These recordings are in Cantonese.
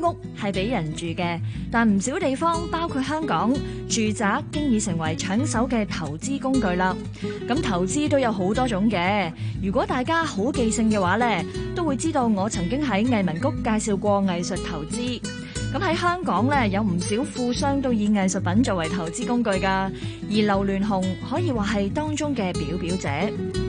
屋係俾人住嘅，但唔少地方，包括香港，住宅經已成為搶手嘅投資工具啦。咁投資都有好多種嘅，如果大家好記性嘅話呢，都會知道我曾經喺藝文谷介紹過藝術投資。咁喺香港呢，有唔少富商都以藝術品作為投資工具噶，而劉鑾雄可以話係當中嘅表表者。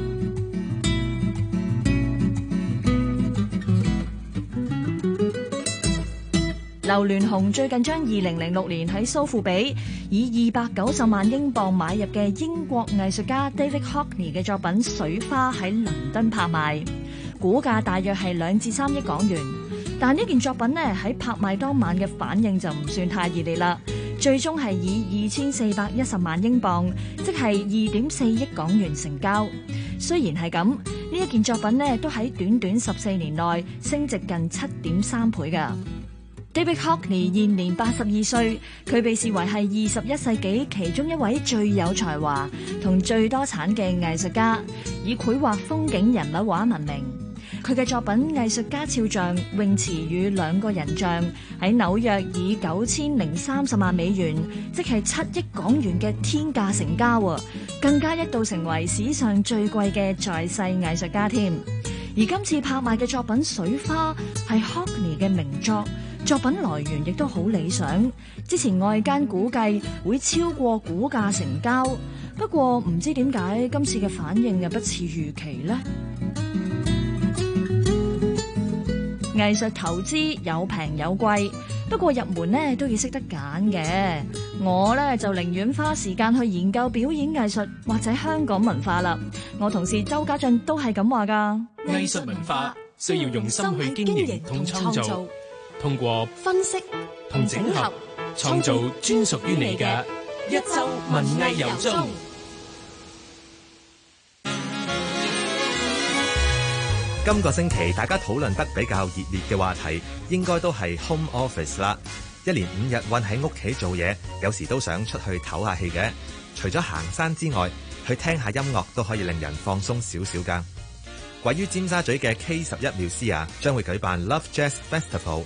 劉鑾雄最近將二零零六年喺蘇富比以二百九十萬英鎊買入嘅英國藝術家 David Hockney 嘅作品《水花》喺倫敦拍賣，估價大約係兩至三億港元。但呢件作品咧，喺拍賣當晚嘅反應就唔算太熱烈啦，最終係以二千四百一十萬英鎊，即係二點四億港元成交。雖然係咁，呢一件作品都喺短短十四年內升值近七點三倍嘅。David Hockney 現年八十二歲，佢被視為係二十一世紀其中一位最有才華同最多產嘅藝術家，以繪畫風景、人物畫聞名。佢嘅作品《藝術家肖像》、《泳池與兩個人像》喺紐約以九千零三十萬美元，即係七億港元嘅天價成交，更加一度成為史上最貴嘅在世藝術家添。而今次拍賣嘅作品《水花》係 Hockney 嘅名作。作品來源亦都好理想，之前外間估計會超過估價成交，不過唔知點解今次嘅反應又不似預期呢。藝術投資有平有貴，不過入門呢都要識得揀嘅。我呢，就寧願花時間去研究表演藝術或者香港文化啦。我同事周家俊都係咁話㗎。藝術文化需要用心去經營同創造。通過分析同整合，創造專屬於你嘅一周文藝遊蹤。今個星期大家討論得比較熱烈嘅話題，應該都係 home office 啦。一連五日困喺屋企做嘢，有時都想出去唞下氣嘅。除咗行山之外，去聽下音樂都可以令人放鬆少少噶。位於尖沙咀嘅 K 十一繆斯啊，將會舉辦 Love Jazz Festival。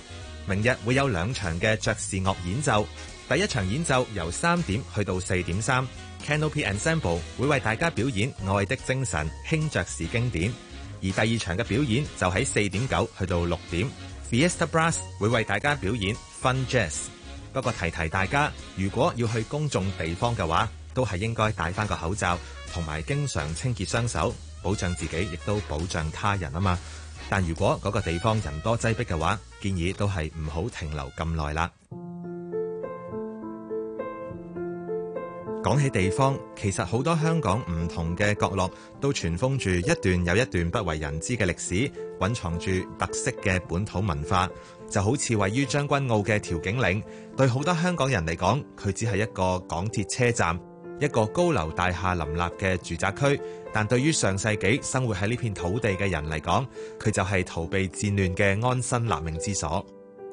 明日會有兩場嘅爵士樂演奏，第一場演奏由三點去到四點三，Canopy Ensemble 會為大家表演《愛的精神》輕爵士經典，而第二場嘅表演就喺四點九去到六點，Fiesta Brass 會為大家表演 Fun Jazz。不過提提大家，如果要去公眾地方嘅話，都係應該戴翻個口罩，同埋經常清潔雙手，保障自己，亦都保障他人啊嘛。但如果嗰個地方人多擠迫嘅話，建議都係唔好停留咁耐啦。講起地方，其實好多香港唔同嘅角落都塵封住一段又一段不為人知嘅歷史，藴藏住特色嘅本土文化。就好似位於將軍澳嘅調景嶺，對好多香港人嚟講，佢只係一個港鐵車站，一個高樓大廈林立嘅住宅區。但對於上世紀生活喺呢片土地嘅人嚟講，佢就係逃避戰亂嘅安身立命之所。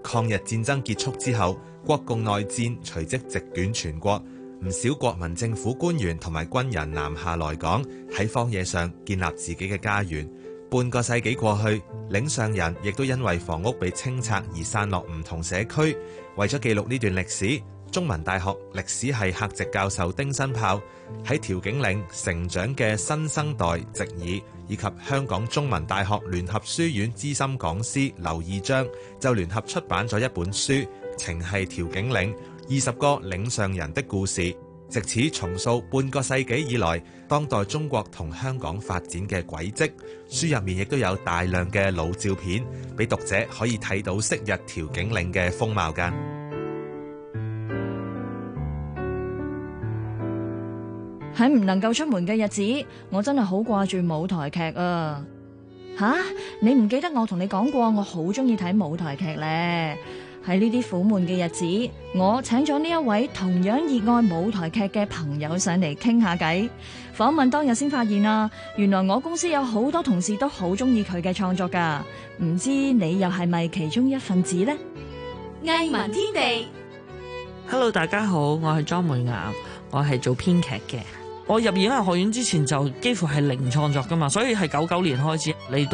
抗日戰爭結束之後，國共內戰隨即席捲全國，唔少國民政府官員同埋軍人南下來港，喺荒野上建立自己嘅家園。半個世紀過去，嶺上人亦都因為房屋被清拆而散落唔同社區，為咗記錄呢段歷史。中文大學歷史系客席教授丁新豹、喺調景嶺成長嘅新生代直爾，以及香港中文大學聯合書院資深講師劉義章就聯合出版咗一本書，情繫調景嶺：二十個嶺上人的故事，藉此重述半個世紀以來當代中國同香港發展嘅軌跡。書入面亦都有大量嘅老照片，俾讀者可以睇到昔日調景嶺嘅風貌㗎。喺唔能夠出門嘅日子，我真係好掛住舞台劇啊！吓，你唔記得我同你講過，我好中意睇舞台劇呢。喺呢啲苦悶嘅日子，我請咗呢一位同樣熱愛舞台劇嘅朋友上嚟傾下偈。訪問當日先發現啊，原來我公司有好多同事都好中意佢嘅創作噶。唔知你又係咪其中一份子呢？藝文天地，Hello，大家好，我係莊梅岩，我係做編劇嘅。我入演藝學院之前就幾乎係零創作噶嘛，所以係九九年開始嚟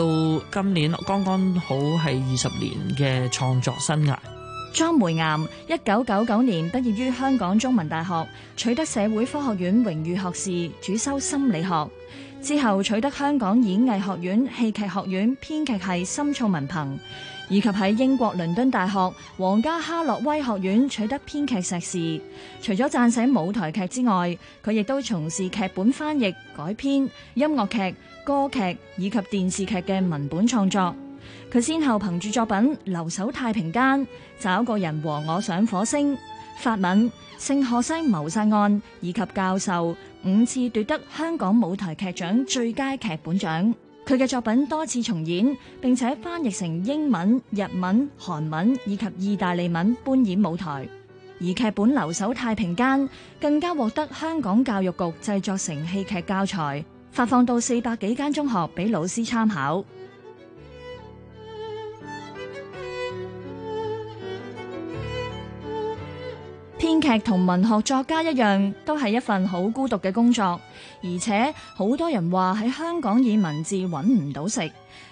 到今年，剛剛好係二十年嘅創作生涯。莊梅岩，一九九九年畢業於香港中文大學，取得社會科學院榮譽學士，主修心理學，之後取得香港演藝學院戲劇學院編劇系深造文憑。以及喺英國倫敦大學皇家哈洛威學院取得編劇碩士。除咗撰寫舞台劇之外，佢亦都從事劇本翻譯、改編、音樂劇、歌劇以及電視劇嘅文本創作。佢先後憑住作品《留守太平間》、《找個人和我上火星》、《法吻》、《聖荷西謀殺案》以及《教授》，五次奪得香港舞台劇獎最佳劇本獎。佢嘅作品多次重演，並且翻譯成英文、日文、韓文以及意大利文，搬演舞台。而劇本《留守太平間》，更加獲得香港教育局製作成戲劇教材，發放到四百幾間中學俾老師參考。劇同文學作家一樣，都係一份好孤獨嘅工作，而且好多人話喺香港以文字搵唔到食。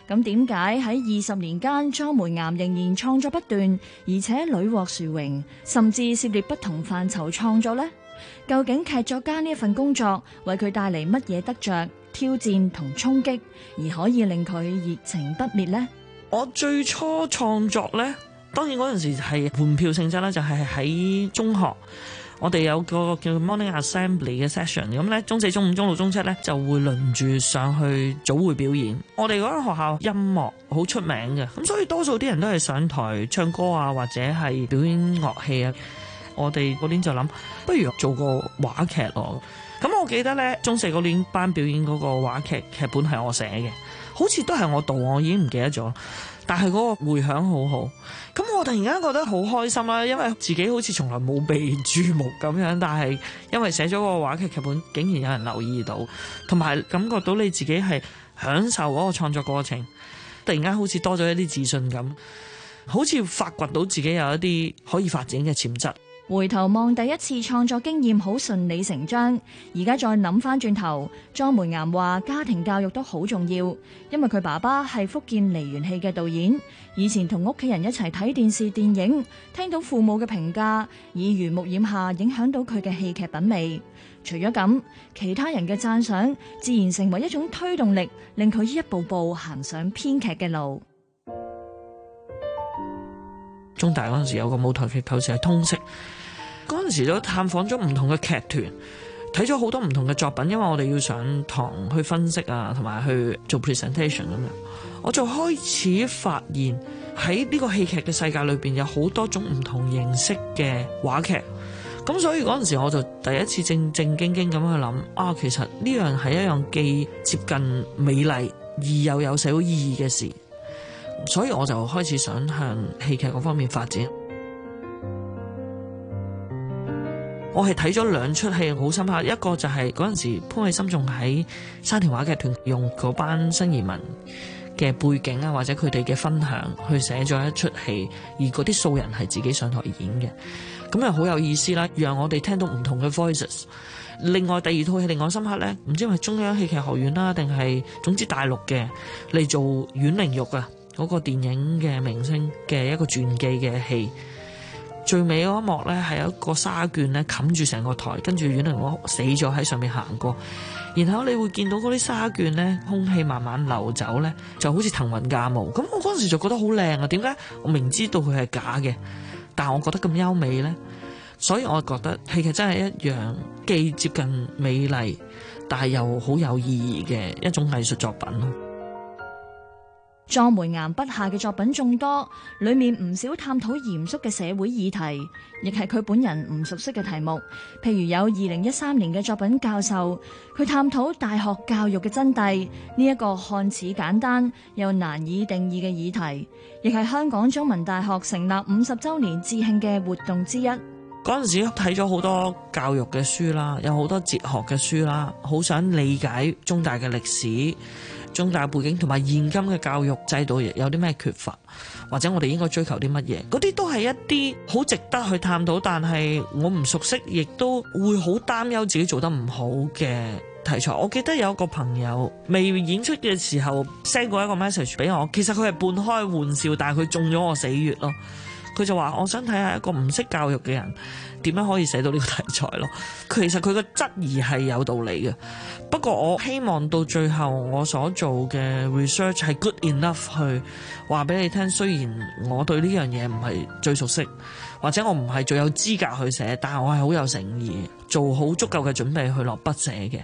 咁點解喺二十年間，莊梅岩仍然創作不斷，而且屢獲殊榮，甚至涉獵不同範疇創作呢？究竟劇作家呢份工作為佢帶嚟乜嘢得着、挑戰同衝擊，而可以令佢熱情不滅呢？我最初創作呢。當然嗰陣時係換票性質呢就係喺中學，我哋有個叫做 Morning Assembly 嘅 session。咁咧，中四、中五、中六、中七咧就會輪住上去早會表演。我哋嗰間學校音樂好出名嘅，咁所以多數啲人都係上台唱歌啊，或者係表演樂器啊。我哋嗰年就諗，不如做個話劇咯。咁我記得咧，中四嗰年班表演嗰個話劇劇本係我寫嘅，好似都係我導，我已經唔記得咗。但係嗰個迴響好好，咁我突然間覺得好開心啦，因為自己好似從來冇被注目咁樣，但係因為寫咗個話劇劇本，竟然有人留意到，同埋感覺到你自己係享受嗰個創作過程，突然間好似多咗一啲自信咁，好似發掘到自己有一啲可以發展嘅潛質。回頭望第一次創作經驗好順理成章，而家再諗翻轉頭，莊梅岩話家庭教育都好重要，因為佢爸爸係福建梨園戲嘅導演，以前同屋企人一齊睇電視電影，聽到父母嘅評價，耳濡目染下，影響到佢嘅戲劇品味。除咗咁，其他人嘅讚賞自然成為一種推動力，令佢一步步行上編劇嘅路。中大嗰陣時有個舞台劇課程係通識。嗰陣時就探訪咗唔同嘅劇團，睇咗好多唔同嘅作品，因為我哋要上堂去分析啊，同埋去做 presentation 咁樣。我就開始發現喺呢個戲劇嘅世界裏面，有好多種唔同形式嘅話劇。咁所以嗰陣時我就第一次正正經經咁去諗啊，其實呢樣係一樣既接近美麗而又有社會意義嘅事。所以我就開始想向戲劇嗰方面發展。我係睇咗兩出戲好深刻，一個就係嗰陣時潘惠森仲喺沙田話劇團用嗰班新移民嘅背景啊，或者佢哋嘅分享去寫咗一出戲，而嗰啲素人係自己上台演嘅，咁啊好有意思啦，讓我哋聽到唔同嘅 voices。另外第二套戲令我深刻呢，唔知係中央戲劇學院啦，定係總之大陸嘅嚟做阮玲玉啊嗰、嗰個電影嘅明星嘅一個傳記嘅戲。最尾嗰一幕呢係有一個沙卷呢冚住成個台，跟住原來我死咗喺上面行過。然後你會見到嗰啲沙卷呢，空氣慢慢流走呢，就好似騰雲駕霧。咁我嗰陣時就覺得好靚啊！點解我明知道佢係假嘅，但我覺得咁優美呢。所以我覺得戲劇真係一樣既接近美麗，但又好有意義嘅一種藝術作品咯。莊梅岩筆下嘅作品眾多，裏面唔少探討嚴肅嘅社會議題，亦係佢本人唔熟悉嘅題目。譬如有二零一三年嘅作品《教授》，佢探討大學教育嘅真諦，呢、這、一個看似簡單又難以定義嘅議題，亦係香港中文大學成立五十周年致慶嘅活動之一。嗰陣時睇咗好多教育嘅書啦，有好多哲學嘅書啦，好想理解中大嘅歷史。中大背景同埋現今嘅教育制度有啲咩缺乏，或者我哋應該追求啲乜嘢？嗰啲都係一啲好值得去探討，但係我唔熟悉，亦都會好擔憂自己做得唔好嘅題材。我記得有一個朋友未演出嘅時候 send 過一個 message 俾我，其實佢係半開玩笑，但係佢中咗我死穴咯。佢就話，我想睇下一個唔識教育嘅人，點樣可以寫到呢個題材咯？其實佢個質疑係有道理嘅，不過我希望到最後我所做嘅 research 係 good enough 去話俾你聽。雖然我對呢樣嘢唔係最熟悉，或者我唔係最有資格去寫，但我係好有誠意，做好足夠嘅準備去落筆寫嘅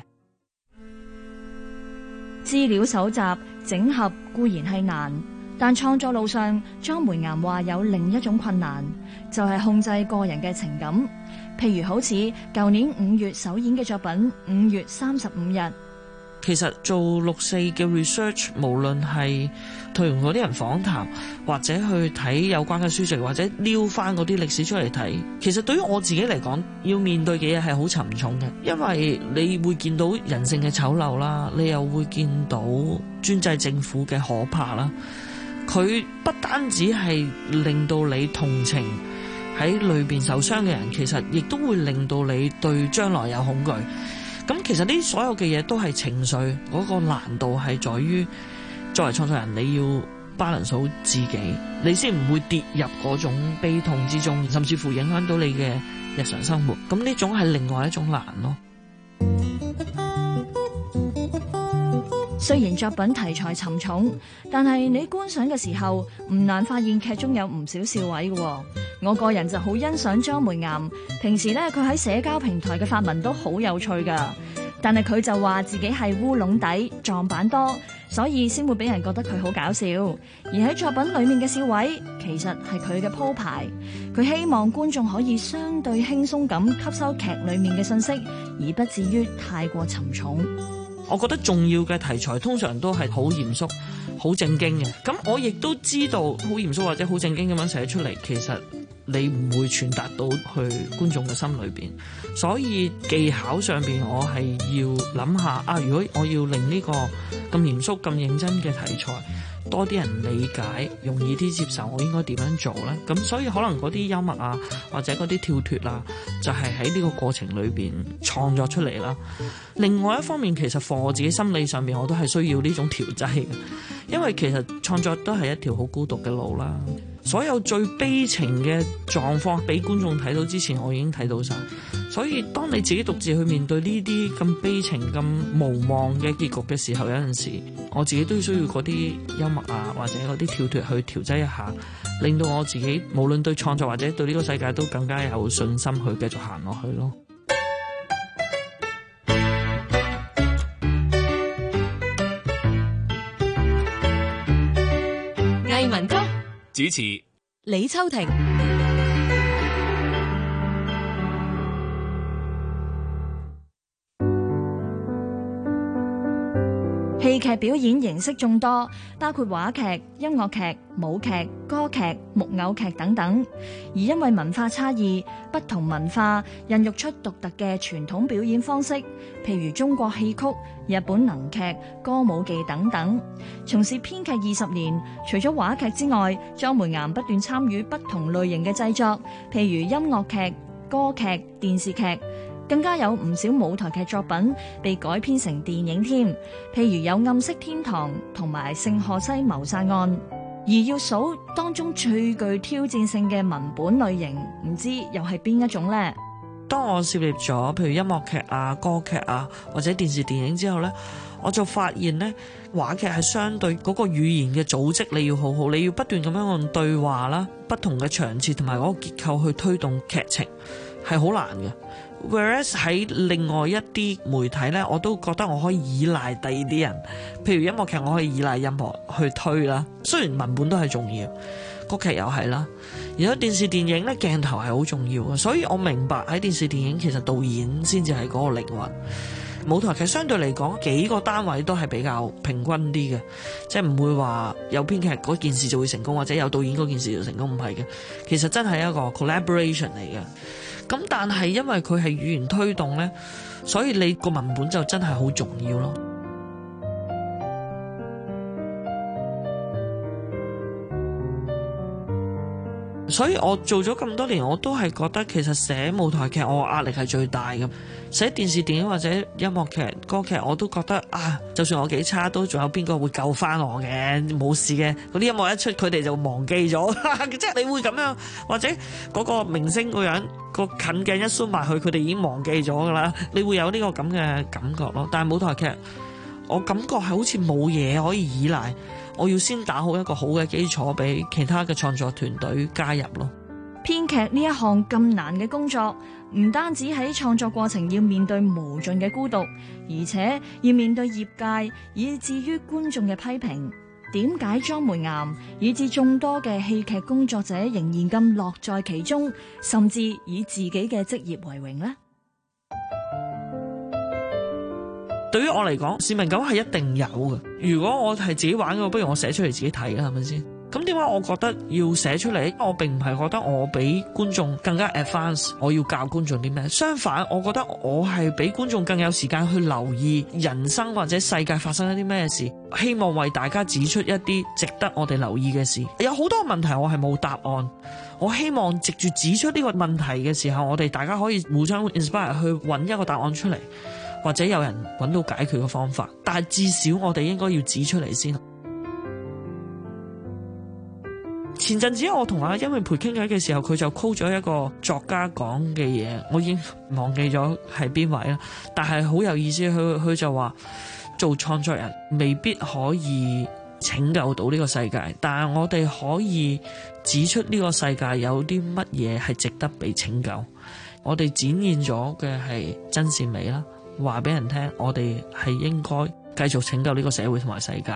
資料搜集整合固然係難。但創作路上，莊梅岩話有另一種困難，就係、是、控制個人嘅情感，譬如好似舊年五月首演嘅作品《五月三十五日》。其實做六四嘅 research，無論係同嗰啲人訪談，或者去睇有關嘅書籍，或者撩翻嗰啲歷史出嚟睇，其實對於我自己嚟講，要面對嘅嘢係好沉重嘅，因為你會見到人性嘅醜陋啦，你又會見到專制政府嘅可怕啦。佢不單止係令到你同情喺裏邊受傷嘅人，其實亦都會令到你對將來有恐懼。咁其實呢所有嘅嘢都係情緒嗰、個難度係在於，作為創作人你要 balance 好自己，你先唔會跌入嗰種悲痛之中，甚至乎影響到你嘅日常生活。咁呢種係另外一種難咯。雖然作品題材沉重，但係你觀賞嘅時候唔難發現劇中有唔少笑位嘅。我個人就好欣賞莊梅岩，平時咧佢喺社交平台嘅發文都好有趣噶。但係佢就話自己係烏龍底撞板多，所以先會俾人覺得佢好搞笑。而喺作品裏面嘅笑位，其實係佢嘅鋪排，佢希望觀眾可以相對輕鬆咁吸收劇裏面嘅信息，而不至於太過沉重。我覺得重要嘅題材通常都係好嚴肅、好正經嘅。咁我亦都知道好嚴肅或者好正經咁樣寫出嚟，其實你唔會傳達到去觀眾嘅心裏面。所以技巧上面，我係要諗下啊，如果我要令呢個咁嚴肅、咁認真嘅題材，多啲人理解，容易啲接受，我應該點樣做呢？咁所以可能嗰啲幽默啊，或者嗰啲跳脱啊，就係喺呢個過程裏邊創作出嚟啦。另外一方面，其實放我自己心理上面，我都係需要呢種調劑嘅，因為其實創作都係一條好孤獨嘅路啦。所有最悲情嘅狀況俾觀眾睇到之前，我已經睇到晒。所以當你自己獨自去面對呢啲咁悲情、咁無望嘅結局嘅時候，有陣時我自己都需要嗰啲幽默啊，或者嗰啲跳脱去調劑一下，令到我自己無論對創作或者對呢個世界都更加有信心去繼續行落去咯。主持李秋婷。戲劇表演形式眾多，包括話劇、音樂劇、舞劇、歌劇、木偶劇等等。而因為文化差異，不同文化孕育出獨特嘅傳統表演方式，譬如中國戲曲、日本能劇、歌舞伎等等。從事編劇二十年，除咗話劇之外，莊梅岩不斷參與不同類型嘅製作，譬如音樂劇、歌劇、電視劇。更加有唔少舞台劇作品被改編成電影添，譬如有《暗色天堂》同埋《聖荷西謀殺案》。而要數當中最具挑戰性嘅文本類型，唔知又係邊一種呢？當我涉獵咗，譬如音樂劇啊、歌劇啊，或者電視電影之後呢，我就發現呢，話劇係相對嗰個語言嘅組織，你要好好，你要不斷咁樣用對話啦、不同嘅場次同埋嗰個結構去推動劇情，係好難嘅。whereas 喺另外一啲媒體呢，我都覺得我可以依賴第二啲人，譬如音樂劇我可以依賴音樂去推啦。雖然文本都係重要，歌劇又係啦。而家電視電影呢，鏡頭係好重要嘅，所以我明白喺電視電影其實導演先至係嗰個靈魂。舞台劇相對嚟講幾個單位都係比較平均啲嘅，即係唔會話有編劇嗰件事就會成功，或者有導演嗰件事就成功，唔係嘅。其實真係一個 collaboration 嚟嘅。咁但係因為佢係語言推動咧，所以你個文本就真係好重要咯。所以我做咗咁多年，我都係覺得其實寫舞台劇我壓力係最大嘅。寫電視電影或者音樂劇、歌劇，我都覺得啊，就算我幾差，都仲有邊個會救翻我嘅。冇事嘅，嗰啲音樂一出，佢哋就忘記咗。即 係你會咁樣，或者嗰個明星個人、個近鏡一輸埋去，佢哋已經忘記咗噶啦。你會有呢個咁嘅感覺咯。但係舞台劇，我感覺係好似冇嘢可以依賴。我要先打好一個好嘅基礎，俾其他嘅創作團隊加入咯。編劇呢一項咁難嘅工作，唔單止喺創作過程要面對無盡嘅孤獨，而且要面對業界以至於觀眾嘅批評。點解莊梅岩以至眾多嘅戲劇工作者仍然咁樂在其中，甚至以自己嘅職業為榮咧？對於我嚟講，使命感係一定有嘅。如果我係自己玩嘅，不如我寫出嚟自己睇㗎，係咪先？咁點解我覺得要寫出嚟？我並唔係覺得我比觀眾更加 advanced。我要教觀眾啲咩？相反，我覺得我係比觀眾更有時間去留意人生或者世界發生一啲咩事。希望為大家指出一啲值得我哋留意嘅事。有好多問題我係冇答案，我希望藉住指出呢個問題嘅時候，我哋大家可以互相 inspire 去揾一個答案出嚟。或者有人揾到解決嘅方法，但係至少我哋應該要指出嚟先。 前陣子我同阿殷明培傾偈嘅時候，佢就 call 咗一個作家講嘅嘢，我已經忘記咗係邊位啦。但係好有意思，佢佢就話做創作人未必可以拯救到呢個世界，但係我哋可以指出呢個世界有啲乜嘢係值得被拯救。我哋展現咗嘅係真善美啦。話俾人聽，我哋係應該繼續拯救呢個社會同埋世界。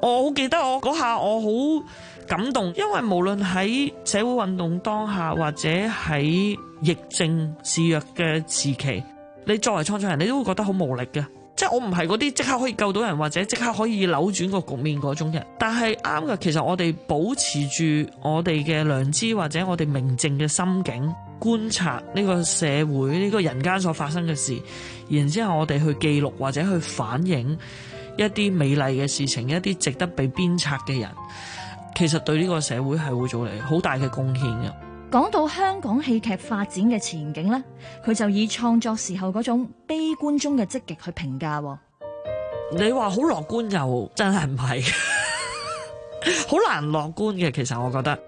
我好記得我嗰下，我好感動，因為無論喺社會運動當下，或者喺疫症肆虐嘅時期，你作為創作人，你都會覺得好無力嘅。即係我唔係嗰啲即刻可以救到人，或者即刻可以扭轉個局面嗰種人。但係啱嘅，其實我哋保持住我哋嘅良知，或者我哋明淨嘅心境。觀察呢個社會，呢個人間所發生嘅事，然之後我哋去記錄或者去反映一啲美麗嘅事情，一啲值得被鞭策嘅人，其實對呢個社會係會做嚟好大嘅貢獻嘅。講到香港戲劇發展嘅前景呢，佢就以創作時候嗰種悲觀中嘅積極去評價。你話好樂觀又真係唔係，好 難樂觀嘅。其實我覺得。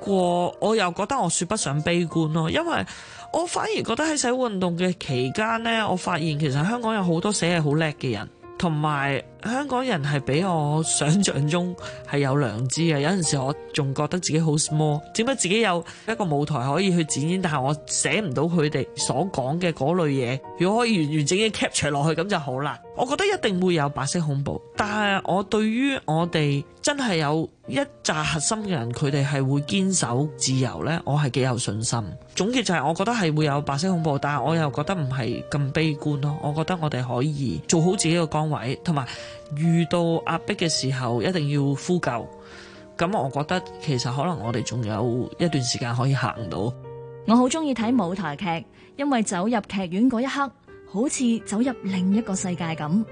過，我又覺得我說不上悲觀咯，因為我反而覺得喺寫運動嘅期間呢，我發現其實香港有好多寫係好叻嘅人，同埋。香港人係比我想象中係有良知嘅。有陣時我仲覺得自己好 small，只不自己有一個舞台可以去展現，但係我寫唔到佢哋所講嘅嗰類嘢。如果可以完完整整 capture 落去，咁就好啦。我覺得一定會有白色恐怖，但係我對於我哋真係有一紮核心嘅人，佢哋係會堅守自由呢。我係幾有信心。總結就係我覺得係會有白色恐怖，但係我又覺得唔係咁悲觀咯。我覺得我哋可以做好自己嘅崗位，同埋。遇到壓迫嘅時候，一定要呼救。咁我覺得其實可能我哋仲有一段時間可以行到。我好中意睇舞台劇，因為走入劇院嗰一刻，好似走入另一個世界咁。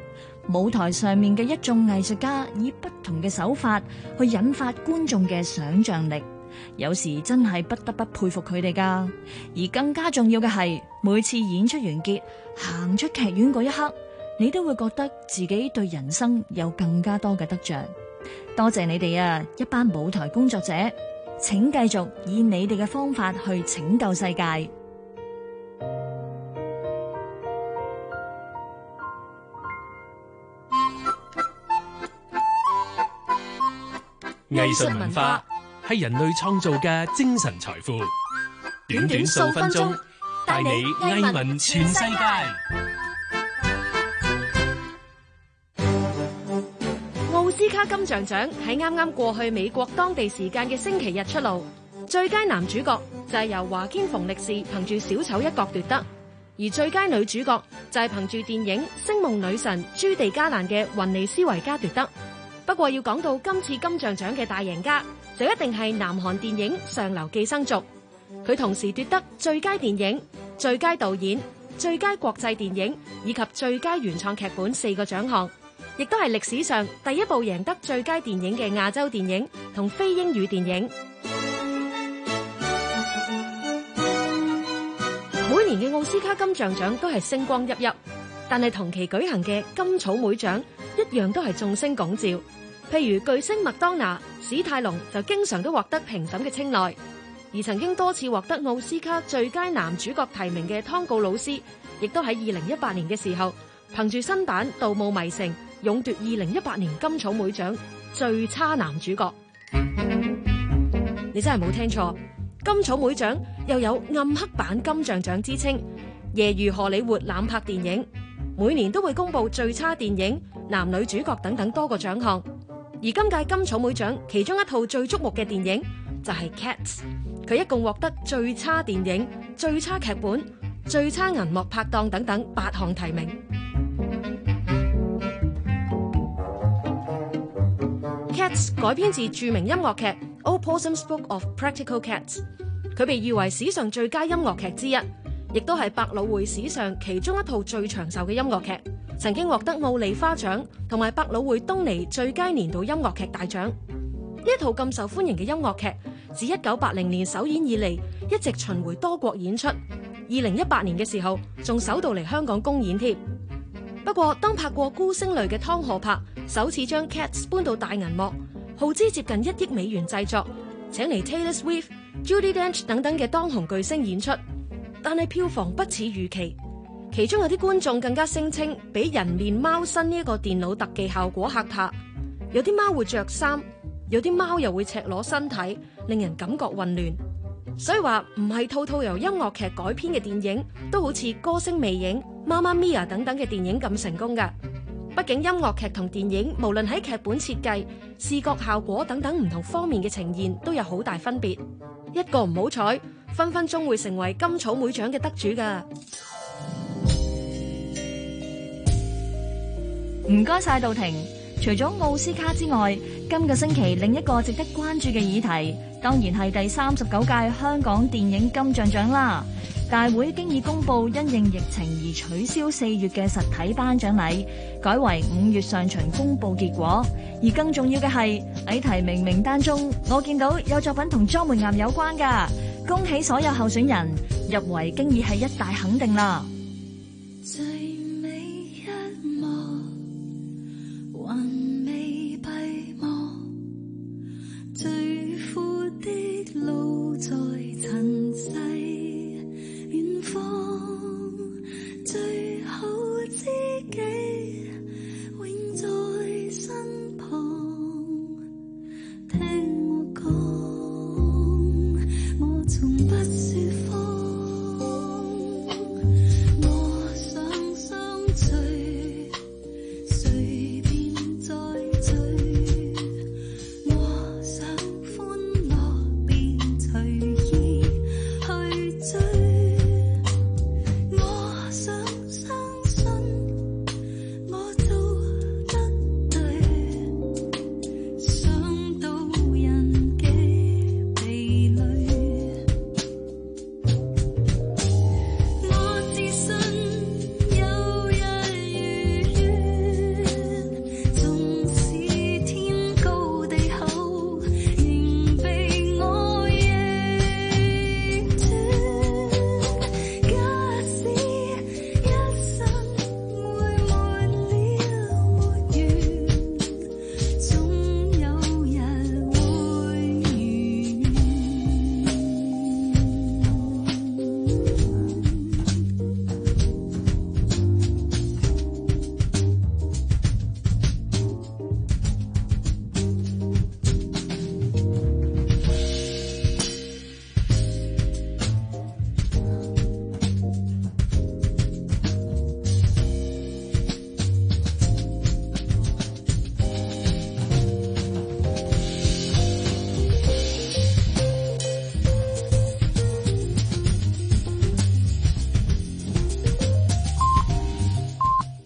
舞台上面嘅一眾藝術家以不同嘅手法去引發觀眾嘅想像力，有時真係不得不佩服佢哋㗎。而更加重要嘅係，每次演出完結，行出劇院嗰一刻，你都會覺得自己對人生有更加多嘅得着。多謝你哋啊，一班舞台工作者，請繼續以你哋嘅方法去拯救世界。藝術文化係人類創造嘅精神財富。短短數分鐘，帶你藝文全世界。金像獎喺啱啱過去美國當地時間嘅星期日出爐，最佳男主角就係由華堅馮力士憑住小丑一角奪得，而最佳女主角就係憑住電影《星夢女神》朱迪加蘭嘅雲尼斯維加奪得。不過要講到今次金像獎嘅大贏家，就一定係南韓電影《上流寄生族》，佢同時奪得最佳電影、最佳導演、最佳國際電影以及最佳原創劇本四個獎項。亦都係歷史上第一部贏得最佳電影嘅亞洲電影同非英語電影。每年嘅奧斯卡金像獎都係星光熠熠，但係同期舉行嘅金草莓獎一樣都係眾星拱照。譬如巨星麥當娜、史泰龍就經常都獲得評審嘅青睞，而曾經多次獲得奧斯卡最佳男主角提名嘅湯告魯斯，亦都喺二零一八年嘅時候憑住新版《盜墓迷城》。勇奪二零一八年金草莓獎最差男主角，你真係冇聽錯，金草莓獎又有暗黑版金像獎之稱，揶揄荷里活濫拍電影，每年都會公布最差電影、男女主角等等多個獎項。而今屆金草莓獎其中一套最矚目嘅電影就係《Cats》，佢一共獲得最差電影、最差劇本、最差銀幕拍檔等等八項提名。《Cats》改編自著名音樂劇《Old Possum's Book of Practical Cats》，佢被譽為史上最佳音樂劇之一，亦都係百老匯史上其中一套最長壽嘅音樂劇，曾經獲得奧利花獎同埋百老匯東尼最佳年度音樂劇大獎。呢一套咁受歡迎嘅音樂劇，自一九八零年首演以嚟，一直巡迴多國演出，二零一八年嘅時候仲首度嚟香港公演添。不過，當拍過《孤星淚》嘅湯河柏。首次將 Cats 搬到大銀幕，耗資接近一億美元製作，請嚟 Taylor Swift、Judy Dench 等等嘅當紅巨星演出，但係票房不似預期。其中有啲觀眾更加聲稱，俾人面貓身呢一個電腦特技效果嚇怕，有啲貓會着衫，有啲貓又會赤裸身體，令人感覺混亂。所以話唔係套套由音樂劇改編嘅電影都好似《歌聲魅影》、《媽媽咪呀》等等嘅電影咁成功噶。畢竟音樂劇同電影無論喺劇本設計、視覺效果等等唔同方面嘅呈現都有好大分別。一個唔好彩，分分鐘會成為金草莓獎嘅得主㗎。唔該晒，道庭。除咗奧斯卡之外，今個星期另一個值得關注嘅議題，當然係第三十九屆香港電影金像獎啦。大會經已公布，因應疫情而取消四月嘅實體頒獎禮，改為五月上旬公布結果。而更重要嘅係，喺提名名單中，我見到有作品同莊梅岩有關噶。恭喜所有候選人，入圍經已係一大肯定啦。